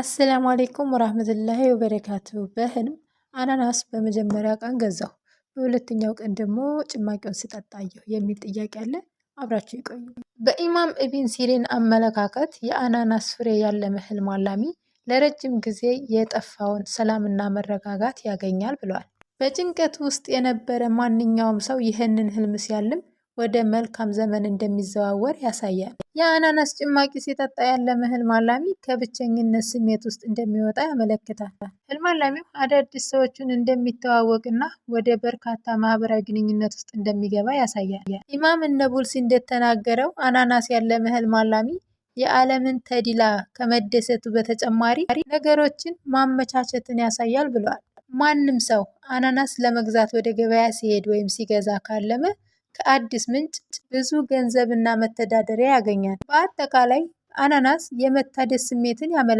አሰላሙ አሌይኩም ወራህመቱላሂ ወበረካቱ። በህልም አናናስ በመጀመሪያ ቀን ገዛሁ፣ በሁለተኛው ቀን ደግሞ ጭማቂውን ስጠጣየሁ የሚል ጥያቄ አለ። አብራችሁ ይቆዩ። በኢማም ኢብን ሲሪን አመለካከት የአናናስ ፍሬ ያለመ ህልም አላሚ ለረጅም ጊዜ የጠፋውን ሰላምና መረጋጋት ያገኛል ብለዋል። በጭንቀት ውስጥ የነበረ ማንኛውም ሰው ይህንን ህልም ሲያልም ወደ መልካም ዘመን እንደሚዘዋወር ያሳያል። የአናናስ ጭማቂ ሲጠጣ ያለመ ህልማላሚ ከብቸኝነት ስሜት ውስጥ እንደሚወጣ ያመለክታል። ህልማላሚው አዳዲስ ሰዎችን እንደሚተዋወቅና ወደ በርካታ ማህበራዊ ግንኙነት ውስጥ እንደሚገባ ያሳያል። ኢማም እነቡልሲ እንደተናገረው አናናስ ያለመ ህልማላሚ የዓለምን ተድላ ከመደሰቱ በተጨማሪ ነገሮችን ማመቻቸትን ያሳያል ብለዋል። ማንም ሰው አናናስ ለመግዛት ወደ ገበያ ሲሄድ ወይም ሲገዛ ካለመ ከአዲስ ምንጭ ብዙ ገንዘብና መተዳደሪያ ያገኛል። በአጠቃላይ አናናስ የመታደስ ስሜትን ያመለክታል።